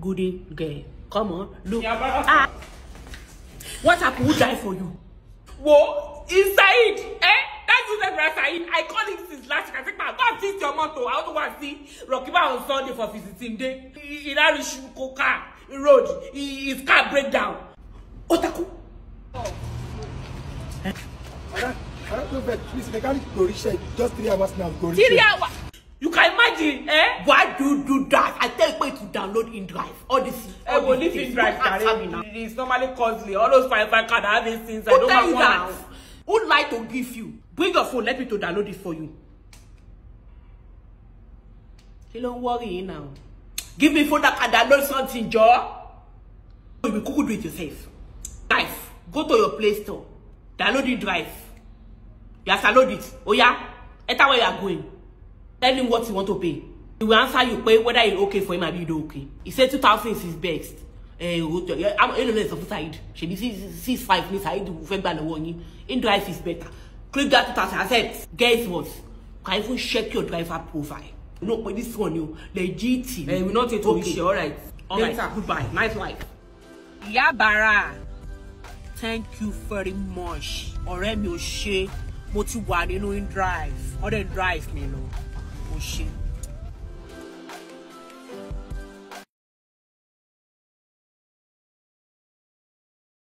goody girl. Come on, look. Yeah, ah. What happened? Who died for you? Whoa, inside, eh? That's Joseph Rasaid. I call him since last week. I think go and visit your motto. I don't want to see Rocky. Rokiba on Sunday for visiting day. In Irish car road, his car break down. Otaku. Oh. Eh? Madam, please, mechanic go reach just three hours now. Go Three hours. download in drive all this all hey, these things drive now. it's normally costly all those five five card i have these things i don't have one now who lie to give you bring your phone let me to download it for you you don't worry now give me phone that can download something Jaw. you will cook do it yourself guys go to your play store download in drive you has download it Oh yeah. enter where you are going tell him what you want to pay He will answer you pé whether it's okay for him or àbí it's okay. He said two thousand is his best. Eh, èlò lè sọ fún she Ṣèbí six five minutes. ni Saheed fẹ́ gbà lọ́wọ́ In drive is better. Click that two thousand said, Guess what? Can even check your driver profile. No, but this one you legit. Eh, we not a okay. issue. All right. All right. Goodbye. Nice life. Yabara, thank you very much. Ọ̀rẹ́ mi ò ṣe, mo ti wà nínú Indrive. Ọ̀rẹ́ Indrive mi know, ò ṣe.